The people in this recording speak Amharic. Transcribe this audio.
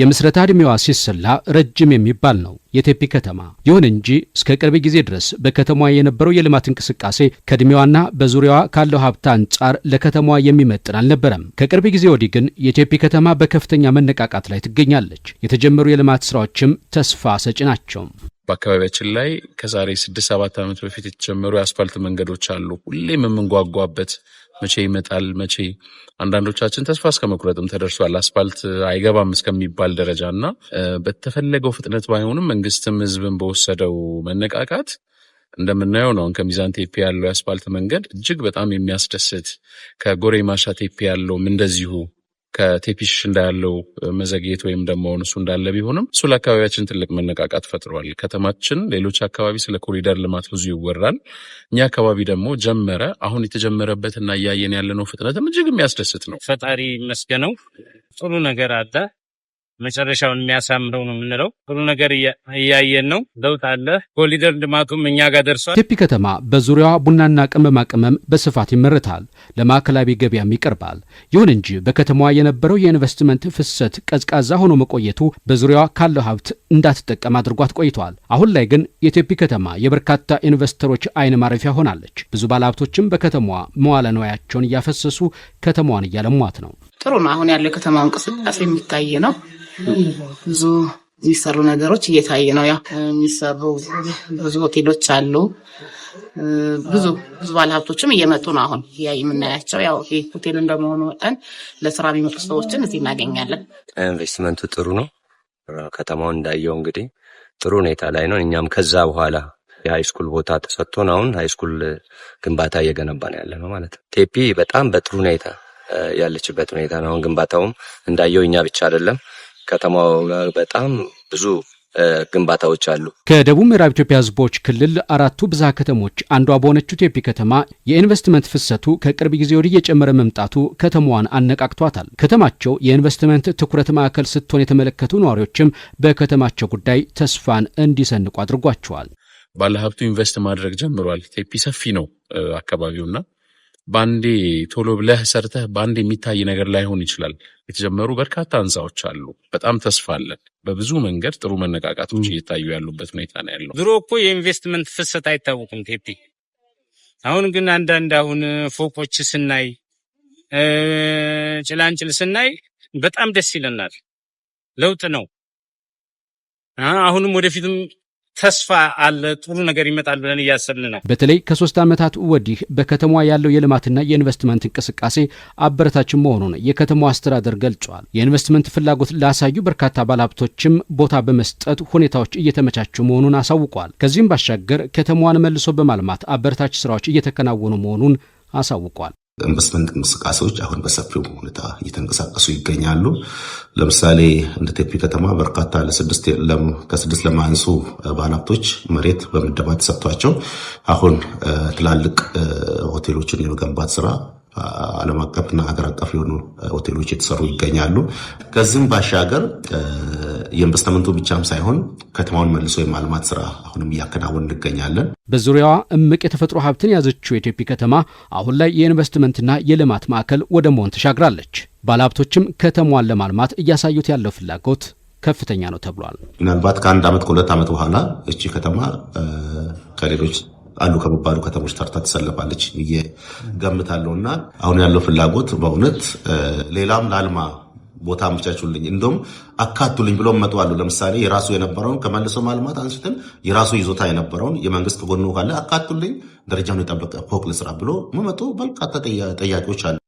የምስረታ ዕድሜዋ ሲሰላ ረጅም የሚባል ነው የቴፒ ከተማ። ይሁን እንጂ እስከ ቅርብ ጊዜ ድረስ በከተማዋ የነበረው የልማት እንቅስቃሴ ከዕድሜዋና በዙሪያዋ ካለው ሀብት አንጻር ለከተማዋ የሚመጥን አልነበረም። ከቅርብ ጊዜ ወዲህ ግን የቴፒ ከተማ በከፍተኛ መነቃቃት ላይ ትገኛለች። የተጀመሩ የልማት ስራዎችም ተስፋ ሰጪ ናቸው። በአካባቢያችን ላይ ከዛሬ ስድስት ሰባት ዓመት በፊት የተጀመሩ የአስፋልት መንገዶች አሉ። ሁሌም የምንጓጓበት መቼ ይመጣል መቼ። አንዳንዶቻችን ተስፋ እስከ መቁረጥም ተደርሷል። አስፋልት አይገባም እስከሚባል ደረጃ እና በተፈለገው ፍጥነት ባይሆንም መንግስትም ህዝብን በወሰደው መነቃቃት እንደምናየው ነው። ከሚዛን ቴፒ ያለው የአስፋልት መንገድ እጅግ በጣም የሚያስደስት ከጎሬ ማሻ ቴፒ ያለውም እንደዚሁ ከቴፒሽ እንዳያለው መዘግየት ወይም ደግሞ እሱ እንዳለ ቢሆንም እሱ ለአካባቢያችን ትልቅ መነቃቃት ፈጥሯል። ከተማችን ሌሎች አካባቢ ስለ ኮሪደር ልማት ብዙ ይወራል። እኛ አካባቢ ደግሞ ጀመረ። አሁን የተጀመረበት እና እያየን ያለነው ፍጥነትም እጅግ የሚያስደስት ነው። ፈጣሪ ይመስገነው ጥሩ ነገር አለ። መጨረሻውን የሚያሳምረው ነው የምንለው። ሁሉ ነገር እያየን ነው። ለውጥ አለ። ኮሊደር ልማቱም እኛ ጋር ደርሷል። ቴፒ ከተማ በዙሪያዋ ቡናና ቅመማ ቅመም በስፋት ይመረታል፣ ለማዕከላዊ ገበያም ይቀርባል። ይሁን እንጂ በከተማዋ የነበረው የኢንቨስትመንት ፍሰት ቀዝቃዛ ሆኖ መቆየቱ በዙሪያዋ ካለው ሀብት እንዳትጠቀም አድርጓት ቆይቷል። አሁን ላይ ግን የቴፒ ከተማ የበርካታ ኢንቨስተሮች አይን ማረፊያ ሆናለች። ብዙ ባለሀብቶችም በከተማዋ መዋለ ንዋያቸውን እያፈሰሱ ከተማዋን እያለሟት ነው። ጥሩ ነው። አሁን ያለው የከተማው እንቅስቃሴ የሚታይ ነው። ብዙ የሚሰሩ ነገሮች እየታየ ነው። ያ የሚሰሩ ብዙ ሆቴሎች አሉ። ብዙ ብዙ ባለሀብቶችም እየመጡ ነው። አሁን ያ የምናያቸው ያው ይሄ ሆቴል እንደመሆኑ መጠን ለስራ የሚመጡ ሰዎችን እዚህ እናገኛለን። ኢንቨስትመንቱ ጥሩ ነው። ከተማውን እንዳየው እንግዲህ ጥሩ ሁኔታ ላይ ነው። እኛም ከዛ በኋላ የሃይስኩል ቦታ ተሰጥቶን አሁን ሃይስኩል ግንባታ እየገነባ ነው ያለ ነው ማለት ነው። ቴፒ በጣም በጥሩ ሁኔታ ያለችበት ሁኔታ ነው። አሁን ግንባታውም እንዳየው እኛ ብቻ አይደለም ከተማው ጋር በጣም ብዙ ግንባታዎች አሉ። ከደቡብ ምዕራብ ኢትዮጵያ ሕዝቦች ክልል አራቱ ብዝሃ ከተሞች አንዷ በሆነችው ቴፒ ከተማ የኢንቨስትመንት ፍሰቱ ከቅርብ ጊዜ ወዲህ እየጨመረ መምጣቱ ከተማዋን አነቃቅቷታል። ከተማቸው የኢንቨስትመንት ትኩረት ማዕከል ስትሆን የተመለከቱ ነዋሪዎችም በከተማቸው ጉዳይ ተስፋን እንዲሰንቁ አድርጓቸዋል። ባለሀብቱ ኢንቨስት ማድረግ ጀምሯል። ቴፒ ሰፊ ነው አካባቢውና በአንዴ ቶሎ ብለህ ሰርተህ በአንዴ የሚታይ ነገር ላይሆን ይችላል። የተጀመሩ በርካታ ህንፃዎች አሉ። በጣም ተስፋ አለን። በብዙ መንገድ ጥሩ መነቃቃቶች እየታዩ ያሉበት ሁኔታ ነው ያለው። ድሮ እኮ የኢንቨስትመንት ፍሰት አይታወቅም ቴፒ። አሁን ግን አንዳንድ አሁን ፎቆች ስናይ፣ ጭላንጭል ስናይ በጣም ደስ ይለናል። ለውጥ ነው። አሁንም ወደፊትም ተስፋ አለ። ጥሩ ነገር ይመጣል ብለን እያሰብን ነው። በተለይ ከሶስት ዓመታት ወዲህ በከተማዋ ያለው የልማትና የኢንቨስትመንት እንቅስቃሴ አበረታችን መሆኑን የከተማዋ አስተዳደር ገልጿል። የኢንቨስትመንት ፍላጎት ላሳዩ በርካታ ባለሀብቶችም ቦታ በመስጠት ሁኔታዎች እየተመቻቹ መሆኑን አሳውቋል። ከዚህም ባሻገር ከተማዋን መልሶ በማልማት አበረታች ስራዎች እየተከናወኑ መሆኑን አሳውቋል። በኢንቨስትመንት እንቅስቃሴዎች አሁን በሰፊው ሁኔታ እየተንቀሳቀሱ ይገኛሉ። ለምሳሌ እንደ ቴፒ ከተማ በርካታ ከስድስት ለማያንሱ ባለሀብቶች መሬት በምደባ ተሰጥቷቸው አሁን ትላልቅ ሆቴሎችን የመገንባት ስራ ዓለም አቀፍና ሀገር አቀፍ የሆኑ ሆቴሎች የተሰሩ ይገኛሉ። ከዚህም ባሻገር የኢንቨስትመንቱ ብቻም ሳይሆን ከተማውን መልሶ የማልማት ስራ አሁንም እያከናወን እንገኛለን። በዙሪያዋ እምቅ የተፈጥሮ ሀብትን ያዘችው የቴፒ ከተማ አሁን ላይ የኢንቨስትመንትና የልማት ማዕከል ወደ መሆን ተሻግራለች። ባለሀብቶችም ከተማዋን ለማልማት እያሳዩት ያለው ፍላጎት ከፍተኛ ነው ተብሏል። ምናልባት ከአንድ ዓመት ከሁለት ዓመት በኋላ እቺ ከተማ ከሌሎች አሉ ከሚባሉ ከተሞች ተርታ ትሰለፋለች ብዬ ገምታለሁ እና አሁን ያለው ፍላጎት በእውነት ሌላም ላልማ ቦታ አመቻቹልኝ፣ እንደውም አካቱልኝ ብሎ መጡ አሉ። ለምሳሌ የራሱ የነበረውን ከመልሶ ማልማት አንስተን የራሱ ይዞታ የነበረውን የመንግስት ጎኖ ካለ አካቱልኝ፣ ደረጃውን የጠበቀ ፎቅ ልስራ ብሎ መመጡ በርካታ ጥያቄዎች አሉ።